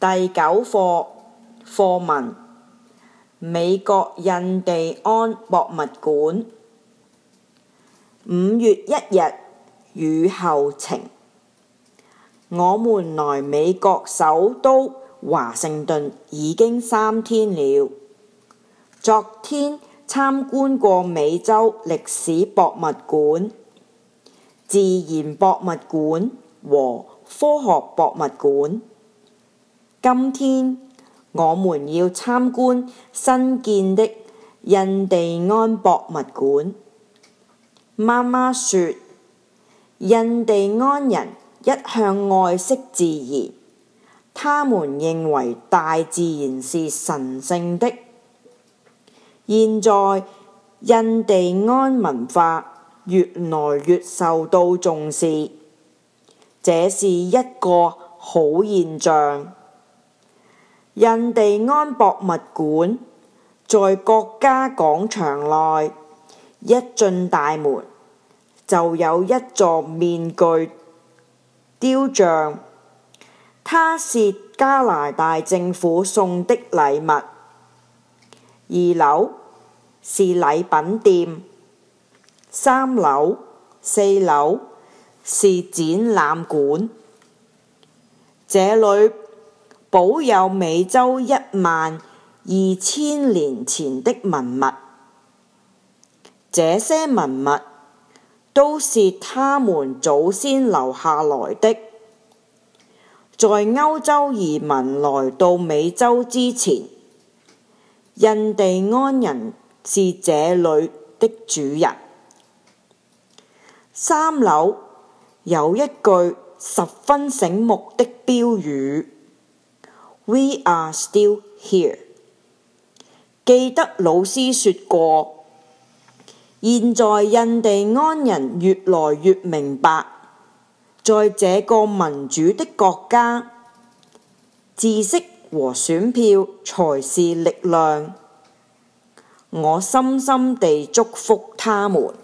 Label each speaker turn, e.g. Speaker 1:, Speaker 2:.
Speaker 1: 第九課課文：美國印地安博物館。五月一日雨後晴，我們來美國首都華盛頓已經三天了。昨天參觀過美洲歷史博物館、自然博物館和科學博物館。今天，我們要參觀新建的印第安博物館。媽媽說，印第安人一向愛惜自然，他們認為大自然是神聖的。現在，印第安文化越來越受到重視，這是一個好現象。印第安博物館在國家廣場內，一進大門就有一座面具雕像，它是加拿大政府送的禮物。二樓是禮品店，三樓、四樓是展覽館，這裏，保有美洲一萬二千年前的文物，這些文物都是他們祖先留下來的。在歐洲移民來到美洲之前，印第安人是這裡的主人。三樓有一句十分醒目的標語。We are still here。記得老師說過，現在印第安人越來越明白，在這個民主的國家，知識和選票才是力量。我深深地祝福他們。